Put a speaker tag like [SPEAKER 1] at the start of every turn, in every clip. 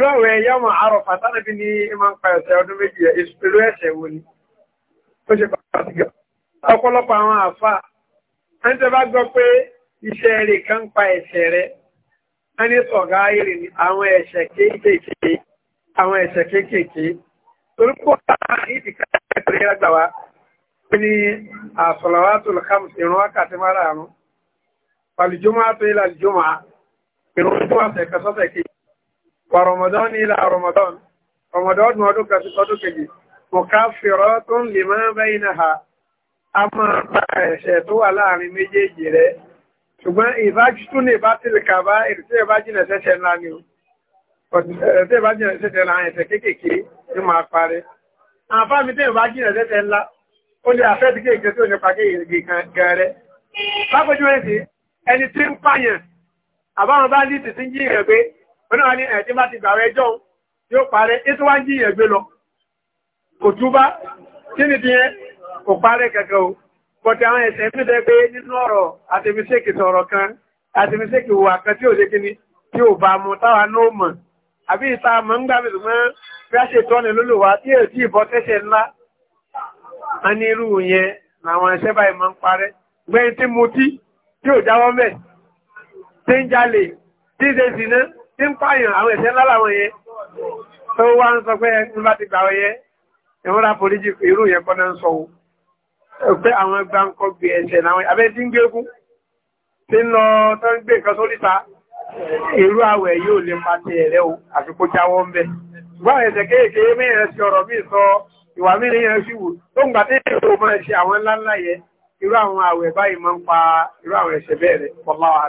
[SPEAKER 1] irú àwẹ̀ yọmọ àrọ̀ pàtàkì ní ìmọ̀ ń pa ẹ̀sẹ̀ ọdún méjì irú ẹ̀sẹ̀ wo ni ó ṣe pàtàkì gan ọ̀pọ̀lọpọ̀ àwọn àfà ẹni tó bá gbọ́ pé iṣẹ́ rẹ̀ kan pa ẹ̀sẹ̀ rẹ̀ a ní sọ̀gá ayèrè ní àwọn ẹ̀sẹ̀ kéékèèké àwọn ẹ̀sẹ̀ kéékèèké orúkọ ìdí kẹrẹ àgbà wa ó ní àsọ̀làwátò lọ́kàmù sí irun wákàtí márààrún àlùjọ́mọ́ àtọ́ ilẹ̀ àlùjọ́mọ́ irun tó wà sẹ̀kẹ́ wa Ramadan ila Ramadan Ramadan ọdún ọdún kan sí ọdún kejì mukaffiratun lima bainaha a máa pa ẹ̀ṣẹ̀ tó wà láàrin méjèèjì rẹ̀ ṣùgbọ́n ìbájútúnì bá tìlìkà bá ìrètí ẹ̀bá jìnà ṣẹ̀ṣẹ̀ ńlá ni o ìrètí ẹ̀bá jìnà ṣẹ̀ṣẹ̀ ńlá ẹ̀ṣẹ̀ kéékèèké ni máa parí àǹfààní tí ìbá jìnà ṣẹ̀ṣẹ̀ ńlá ó lè àfẹ́ ti kéèké tó nípa kéèké gan rẹ̀ lápẹjú ẹ̀sìn ẹni tí ń pààyàn àbáwọn bá ní tìtí ń jíyàn pé Oní wa ní ẹ̀tí bá ti gbàwẹ̀ ẹjọ́ yóò parẹ́, ètò wá ń jí ẹgbẹ́ lọ. Kò túbá, kí ni díẹ̀ kò parẹ́ kẹ̀kẹ́ o. Bọ̀tí àwọn ẹ̀sẹ̀ ń tẹ́ pé nínú ọ̀rọ̀ àtẹ̀míṣẹ́kì sọ̀rọ̀ kan, àtẹ̀míṣẹ́kì wà kan tí ò lé kíní tí ò bá mu táwa náà tí ń jalè, tí ń ṣe sìnà, tí ń pààyàn àwọn ẹ̀ṣẹ̀ ńlá làwọn yẹn tó wá ń sọ pé ẹni bá ti gbà ọ yẹ ìwọ́nra foríjì irú yẹn kọ́ ń sọ o pé àwọn ẹgbà ń kọ́ gbé ẹ̀ṣẹ̀ náà abẹ́ tí ń gbé kú tí ń lọ tó ń gbé nǹkan sórí ta irú àwẹ̀ yóò lè pa ti ẹ̀rẹ́ o àfi kó jáwọ́ ń bẹ̀ gbọ́n ẹ̀ṣẹ̀ kéèkéé mẹ́rin sí ọ̀rọ̀ míì sọ ìwà mẹ́rin yẹn sí wù tó ń gbà tí èrò máa àwọn àwẹ̀ báyìí máa ń pa irú àwọn ẹ̀ṣẹ̀ bẹ́ẹ̀ rẹ̀ pọ̀ láwàá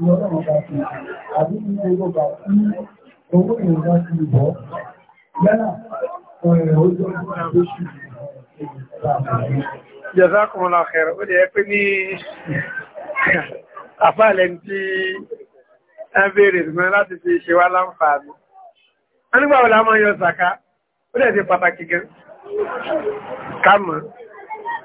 [SPEAKER 1] ni ọlọ́run bá ti àbí ní owó bá tí owó èèyàn bá ti bọ́ yálà ọ̀rẹ́ ojú ọjọ́ oṣù Jazakumullah khair ó lè pé ní àfáàlẹ̀ tí ẹ bèèrè mọ́ láti fi ṣe wá láǹfààní. wọ́n nígbà wọ́n lámọ́ yọ sàká ó lè ṣe pàtàkì gan kàmọ́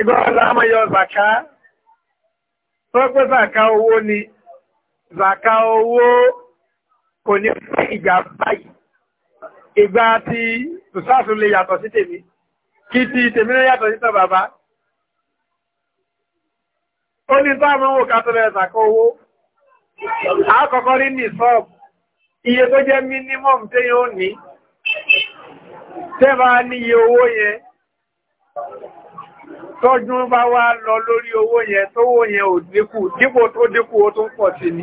[SPEAKER 1] ìgbà wọ́n lámọ́ yọ sàká tó pẹ́ sàká owó ni zaka owó kò ní fún ìgbà báyìí ìgbà tí tùsáàsù lè yàtọ̀ sí tèmi kí ti tèmi lè yàtọ̀ sí tọ́ bàbá ó ní táàmù owó kàtọ́lẹ̀ zaka owó àkọ́kọ́ rí ní sọ́ọ̀bù iye tó jẹ́ minimum téyàn ó ní tẹ́bàá níye owó yẹn tọ́dún bá wá lọ lórí owó yẹn tó wó yẹn ò dínkù dípò tó dínkù ó tó ń pọ̀ sí ni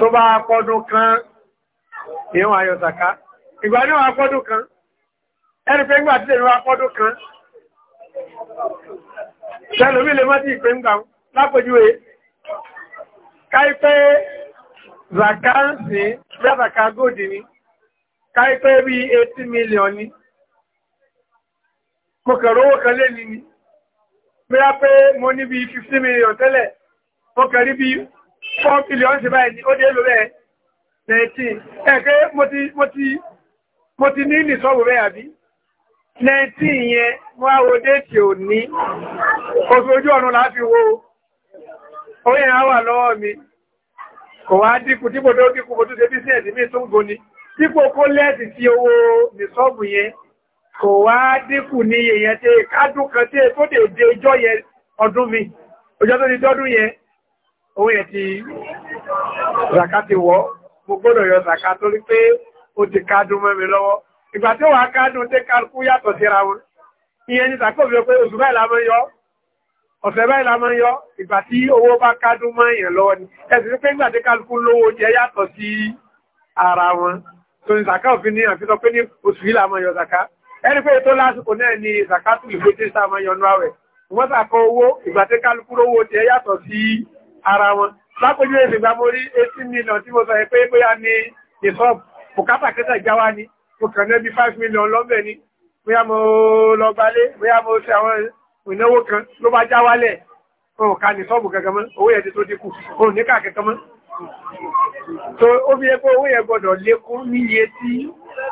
[SPEAKER 1] tó bá pọ́dún kan ìwọ̀n ayọ̀sàká ìgbà ní wọ́n pọ́dún kan ẹni pé ńgbà tí èmi wá pọ́dún kan tẹ́lómi lè mọ́tí ìpé ńgbà lápòjúwe káípé zaka ń ni káípé bí 80 mílíọ̀n ni mo kẹ̀rọ owó kan lé ni bóyá pé mo ní bí 15 million tẹ́lẹ̀ ó kẹrí bí 4 million ṣe báyìí ní ó dé lò bẹ́ẹ̀ 19 ẹ̀kẹ́ mo ti ní nìṣọ́wò bẹ́ẹ̀ àbí 19 yẹn wọ́n á wo déètì ò ní oṣù ojú ọ̀run láti wo ó yẹn á wà lọ́wọ́ mi kò wá dínkù dípò tó dínkù mo tún ṣe bí sí ẹ̀dí mi tó ń goni dípò kó lẹ́ẹ̀sì sí owó nìṣọ́ọ̀bù yẹn kò wá dínkù ní èyàn tí kádùn kan tí tó dè dé ọjọ́ yẹn ọdún mi ọjọ́ tó ti dọ́dún yẹn òun yẹn ti zaka ti wọ́ mo gbọ́dọ̀ yọ zaka torí pé ó ti kádùn mọ́ mi lọ́wọ́ ìgbà tí ó wà kádùn tí kálukú yàtọ̀ síra wọn ìyẹn ni zaka fi pé oṣù báyìí la máa ń yọ ọ̀sẹ̀ báyìí la máa yọ ìgbà tí owó bá kádùn mọ́ èèyàn lọ́wọ́ ni ẹ̀sìn pé ìgbà tí kálukú lówó jẹ yàtọ̀ sí ara wọn tó ní òfin ní àfisọ pé ní oṣù yìí la máa yọ zaka ẹni pé tó lásìkò náà ni zakatu ìgbóté sáàmà yọnu àwẹ̀ wọ́n tàkọ owó ìgbàtí kálukúrò owó tí ẹ yàtọ̀ sí ara wọn lápójú èsì gbámorí 18 million tí mo sọ pé bóyá ní ìsọ́b bùkátà kẹta ìjáwá ni mo kàn ní bí 5 million lọ́bẹ̀ ni bóyá mo lọ gbalé bóyá mo ṣe àwọn ìnáwó kan ló bá já wálẹ̀ òun ká ní sọ́ọ̀bù kankan mọ́ owó yẹn ti tó dínkù òun ní kà kankan mọ́ so ó fi yẹ pé owó yẹn gbọ́dọ̀ lékún níye tí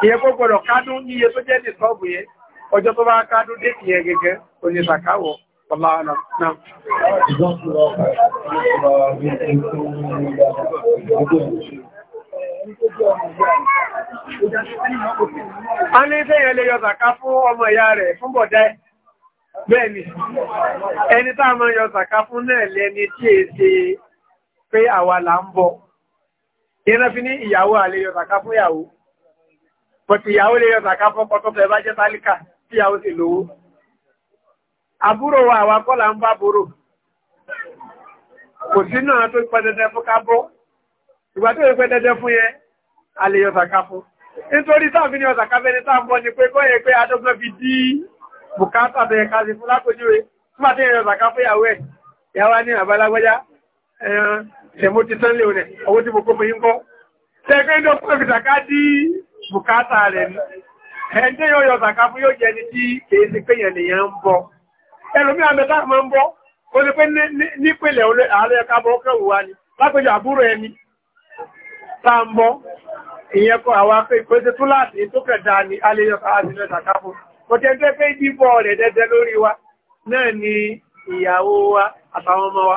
[SPEAKER 1] ìyẹn kó gbọ́dọ̀ kádùn ní iye tó jẹ́ nìkọ́bù yẹn ọjọ́ tó bá kádùn déètì yẹn gẹ́gẹ́ oníṣàkáwọ̀ ọlá ọ̀nà a ní sẹ́yìn lè yọ zàká fún ọmọ ìyá rẹ̀ fún bọ̀dẹ́ bẹ́ẹ̀ni ẹni yọ fún náà lẹ́ni tí è ṣe pé ń bọ̀ ìyàwó yọ fún ìyàwó bọ̀tí ìyàwó lè yọ sàká fọ́kọ́ tó fẹ́ bá jẹ́ tálíkà tí ìyàwó sì lówó àbúrò wa àwa kọ́ là ń bá bòrò kò sí náà tó pẹ́ dandan fún ká bọ́ ìgbà tó pẹ́ dandan fún yẹn a lè yọ sàká fún nítorí táàfi ní ọ̀sàká fẹ́ni táà mọ́ ni pé kọ́ yẹ pé adọ́gbọ́n fi dí bùkátà bẹ̀rẹ̀ ká sí fún lápòjúwe nígbà tí ìrìn ọ̀sàká fún ìyàwó ẹ̀ ìyàwó ní àbálágbájá ẹ̀yàn ṣẹ̀mó ti tán lè owó tí mo kó fún yín kọ́ tẹ́gbẹ́ ìdọ́kọ̀ ìfìsàká dí bùkátà rẹ̀ ní ẹ̀ndẹ́ yóò yọ zàká fún yóò jẹ́ ní tí kèé sí pé yẹn nìyẹn ń bọ́ ẹlòmí àmẹ́ta ń bọ́ ó ní pé nípìnlẹ̀ ààrẹ kẹwù wa ni lápẹjọ àbúrò ẹni tá ń bọ́ ìyẹn kọ àwọn ìpèsè tó láti tó kẹta ni alẹ́yọ káàkiri zàká fún kò tẹ́ ni wa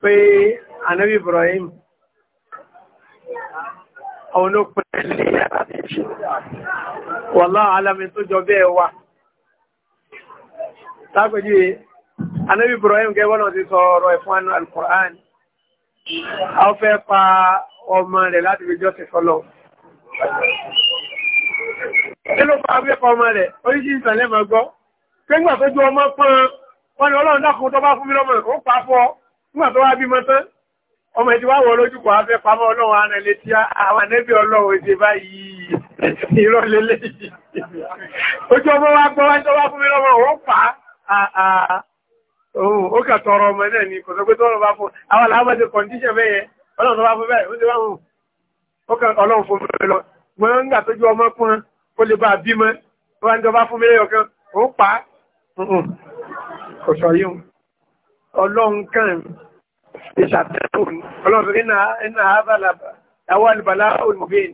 [SPEAKER 1] pé ànábì Ibrahim àwọn olópin ilé àti ìṣẹ́ wọ́lá alámi tó jọ bẹ́ẹ̀ wà tápẹ̀jú ànábì Ibrahim gẹ́gbọ́nà ti sọ ọ̀rọ̀ ẹ̀fún anú al-Qur'an a fẹ́ pa ọmọ rẹ̀ láti fi jọ́sìn fọ́lọ́ Nínú pa abẹ́kọ̀ ọmọ rẹ̀, oríṣìí ìsànlẹ̀ mọ̀ gbọ́, pé ń gbà tó ju ọmọ pọ́n, wọ́n ni ọlọ́run dákùn tó bá fún mi lọ́mọ, ó pa fọ́ nígbà tó wá bímọ tán ọmọ ìdíwá wọ lójúkọ afẹ́ pamọ́ ọlọ́run ara ilé tí àwọn ẹnẹ́bí ọlọ́run ṣe báyìí ìrọ̀lẹ́lẹ́ ojú ọmọ wa gbọ́ wá tó wá fún mi lọ́wọ́ ó fà á ó kà tọrọ ọmọ náà ni kò sọ pé tọrọ bá fún àwọn aláwọ̀ ṣe kọ̀ǹdíṣẹ̀ bẹ́yẹ ọlọ́run tó bá fún bẹ́ẹ̀ ó ṣe báwọn ó kà ọlọ́run fún mi lọ wọ́n ń gbà tójú ọmọ kún ó lè bá bímọ wọ́n ń jọba fún mi lẹ́yọ̀kan ó pa á kò sọ yíò ọlọ́nkàn ìṣàtẹ̀kù ọlọ́run iná àwọn ìbàlá olùgbìn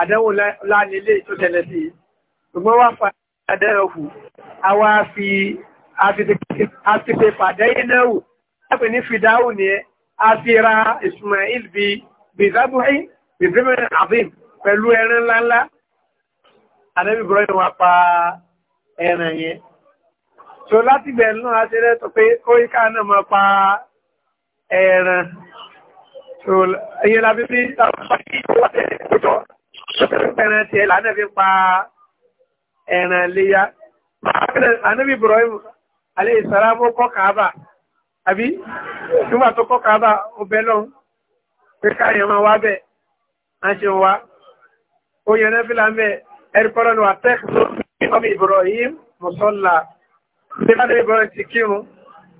[SPEAKER 1] àdánwò láàrínlé tó tẹ̀lẹ̀ sí ṣùgbọ́n wá fa àdẹ́rọ̀kù àwọ́ fi àfipẹ́ pàdé ináwò lápẹ̀ ní fìdáwò ní ẹ a fi ra Ismail bí bizabuhi bizimin azim pẹ̀lú ẹran ńláńlá àdẹ́bìbọ̀rọ̀ ni wọ́n pa ẹran yẹn so láti bẹ̀rẹ̀ náà a ṣe rẹ́ tó pé kó iká náà mọ́ pa ẹran so ẹ̀yẹn lábí bí ẹran tiẹ̀ lánàá fi pa ẹran léyá ànábì Ibrahim alayhi salam kọ́ Kaaba àbí nígbà tó kọ́ Kaaba ó bẹ́ lọ́hùn pé ọmọ Ibrahim musalla ní bá dé bọ́ọ̀ ti kírun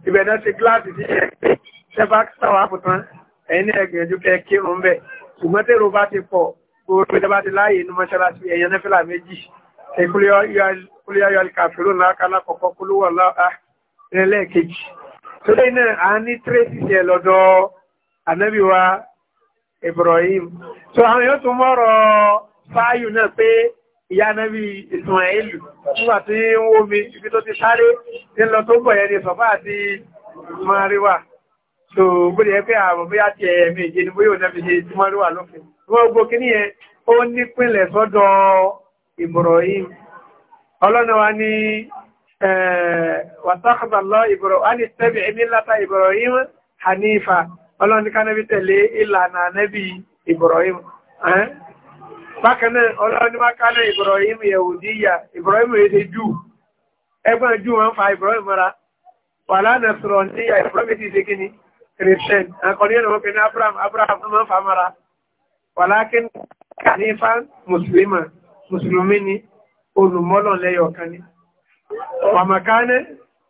[SPEAKER 1] ibẹ̀ náà ṣe gíláàsì sí ẹgbẹ́ ṣẹfà sáwà fùtán ẹ̀yìn ní ẹgbìyànjú kẹ kírun bẹ̀ ṣùgbọ́n tèrò bá ti pọ̀ gbogbo ìjọba ti láàyè inú mọ́ṣáláṣí ẹ̀yàn nẹ́fìlà méjì ìkúlẹ̀yọ́ kàfíró láàká lákọ̀ọ́kọ́ kúlúwọ̀ ah, lẹ́ẹ̀kejì tó lẹ́yìn náà a ní tírèsì sí ẹ lọ́dọ̀ ànábì wa Ibrahim so àwọn yóò tún mọ́rọ̀ fáyù náà pé ìyá nẹ́bí Ismailu nígbà tí ń wó mi ibi tó ti sáré tí ń lọ tó bọ̀ ẹni sọ̀fá àti mọ́ríwà so bó lè pé ààrùn bí á ti ẹ̀ẹ̀mí ìjẹ́ ni bóyá ònàbí ṣe tí mọ́ríwà lófin wọ́n gbogbo kí níyẹn ó nípìnlẹ̀ sọ́dọ̀ Ibrahim ọlọ́nà wa ní bákanáà ọlọ́ni mákálẹ̀ Ibrahim yẹ̀wòdíyà Ibrahim èdè jù ẹgbọ́n jù wọ́n fa Ibrahim mara wà lánàá sọ̀rọ̀ níyà Ibrahim ti ṣe kíni christian akọni ẹ̀nà wọn pe ní Abraham Abraham tó máa ń fa mara wà lákín kànífà mùsùlùmí mùsùlùmí ni olùmọ́lọ̀ lẹ́yọ̀ kan ni wàmàkánẹ́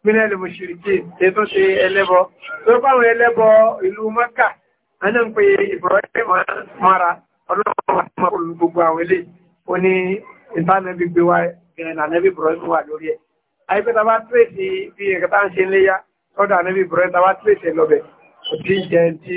[SPEAKER 1] mílẹ̀lì mùsùlùmí ètò ṣe ẹlẹ́bọ tó báwọn ẹlẹ́bọ ìlú Mẹ́kà ẹni ń pe Ibrahim mara ọlọ́run àti ọlọ́run gbogbo àwọn ilé ó ní ìtànẹ́bí gbé wá ìrìnà nẹ́bí Ibrahim wà lórí ẹ̀ àìpẹ́ta bá tírèsì bí ẹ̀kẹta ń ṣe léyá sọ́dọ̀ nẹ́bí Ibrahim ta bá tírèsì lọ́bẹ̀ kò tí jẹ tí